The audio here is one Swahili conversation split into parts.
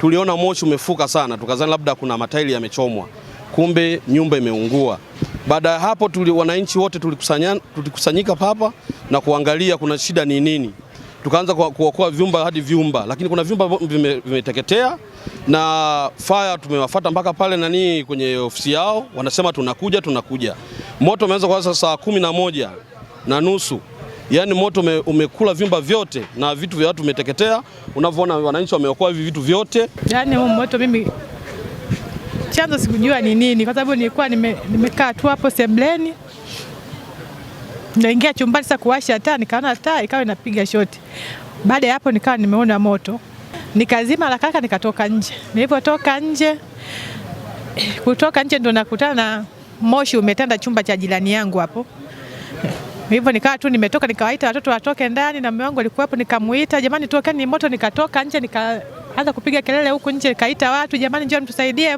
tuliona moshi umefuka sana, tukazani labda kuna matairi yamechomwa, kumbe nyumba imeungua. Baada ya hapo tuli, wananchi wote tulikusanyika papa na kuangalia kuna shida ni nini. Tukaanza kuokoa vyumba hadi vyumba, lakini kuna vyumba vimeteketea na faya tumewafuata mpaka pale nani kwenye ofisi yao, wanasema tunakuja tunakuja. Moto umeanza kuanza saa kumi na moja na nusu yani moto ume, umekula vyumba vyote na vitu vya watu umeteketea. Unavyoona wananchi wameokoa hivi vitu vyote, yani huu moto mimi chanzo sikujua ni nini, kwa sababu nilikuwa nimekaa tu hapo sebleni, naingia chumbani sasa kuwasha taa, nikaona taa ikawa inapiga shoti. Baada ya hapo nikawa nimeona moto, nikazima la kaka, nikatoka nje. Nilipotoka nje, kutoka nje ndo nakutana na moshi umetanda chumba cha jirani yangu hapo. Hivyo nikawa tu nimetoka nikawaita watoto watoke ndani na mume wangu alikuwepo, nikamuita, jamani tokeni moto. Nikatoka nje nikaanza kupiga kelele huku nje, nikaita watu, jamani njoo mtusaidie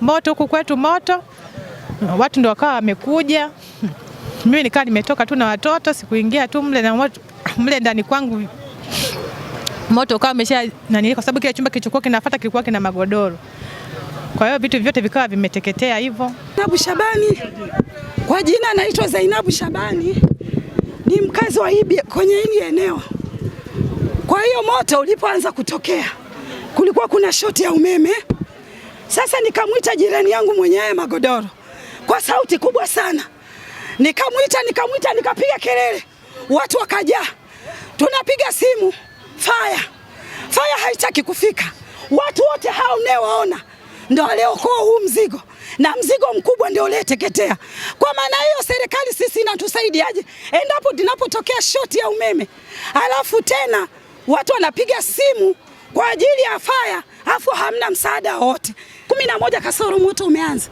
moto huku kwetu moto. Watu ndio wakawa wamekuja, mimi nikawa nimetoka tu na watoto, sikuingia tu mle na moto, mle ndani kwangu moto ukawa umesha nani, kwa sababu kile chumba kilichokuwa kinafuata kilikuwa kina magodoro, kwa hiyo vitu vyote vikawa vimeteketea hivyo. Zainabu Shabani, kwa jina naitwa Zainabu Shabani ni mkazi wa hibi, kwenye hili eneo. Kwa hiyo moto ulipoanza kutokea kulikuwa kuna shoti ya umeme. Sasa nikamwita jirani yangu mwenyewe magodoro kwa sauti kubwa sana, nikamwita nikamwita, nikapiga kelele, watu wakajaa, tunapiga simu faya faya haitaki kufika. Watu wote hao mnaowaona ndo waliokoa huu mzigo na mzigo mkubwa ndio ulieteketea. Kwa maana hiyo, serikali sisi inatusaidiaje endapo tunapotokea shoti ya umeme, alafu tena watu wanapiga simu kwa ajili ya faya, afu hamna msaada wote. kumi na moja kasoro moto umeanza.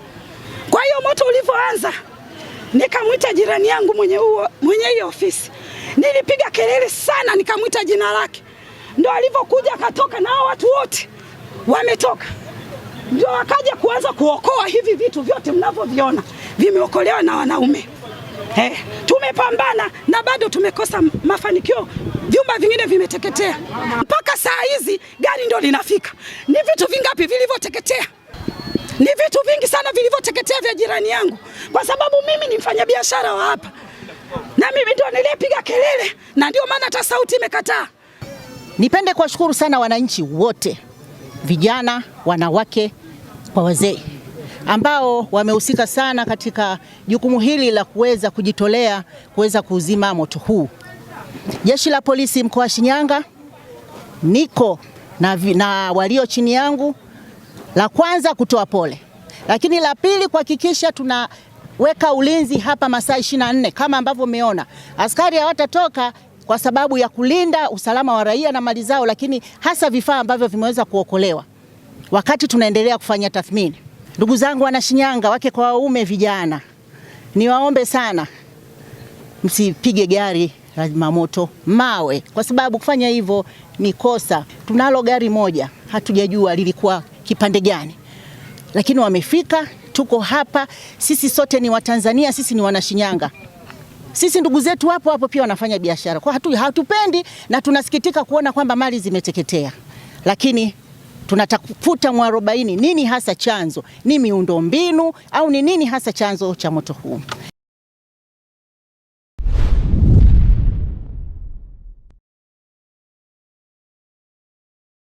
Kwa hiyo moto ulivyoanza, nikamwita jirani yangu mwenye huo mwenye hiyo ofisi, nilipiga kelele sana, nikamwita jina lake, ndo alivyokuja akatoka, nao watu wote wametoka ndio wakaja kuanza kuokoa hivi vitu vyote mnavyoviona vimeokolewa na wanaume. Eh, tumepambana na bado tumekosa mafanikio, vyumba vingine vimeteketea mpaka saa hizi gari ndio linafika. Ni vitu vingapi vilivyoteketea? Ni vitu vingi sana vilivyoteketea vya jirani yangu, kwa sababu mimi ni mfanyabiashara wa hapa na mimi ndio niliyepiga kelele, na ndio maana hata sauti imekataa. Nipende kuwashukuru sana wananchi wote vijana, wanawake kwa wazee ambao wamehusika sana katika jukumu hili la kuweza kujitolea kuweza kuuzima moto huu. Jeshi la polisi mkoa wa Shinyanga niko na, na walio chini yangu, la kwanza kutoa pole, lakini la pili kuhakikisha tunaweka ulinzi hapa masaa 24 kama ambavyo umeona askari hawatatoka kwa sababu ya kulinda usalama wa raia na mali zao, lakini hasa vifaa ambavyo vimeweza kuokolewa wakati tunaendelea kufanya tathmini. Ndugu zangu Wanashinyanga, wake kwa waume, vijana, niwaombe sana msipige gari la zimamoto mawe, kwa sababu kufanya hivyo ni kosa. Tunalo gari moja, hatujajua lilikuwa kipande gani, lakini wamefika. Tuko hapa sisi sote ni Watanzania, sisi ni Wanashinyanga. Sisi ndugu zetu hapo hapo pia wanafanya biashara. Kwa hatu, hatupendi na tunasikitika kuona kwamba mali zimeteketea, lakini tunatafuta mwarobaini, nini hasa chanzo? Ni miundombinu au ni nini hasa chanzo cha moto huu?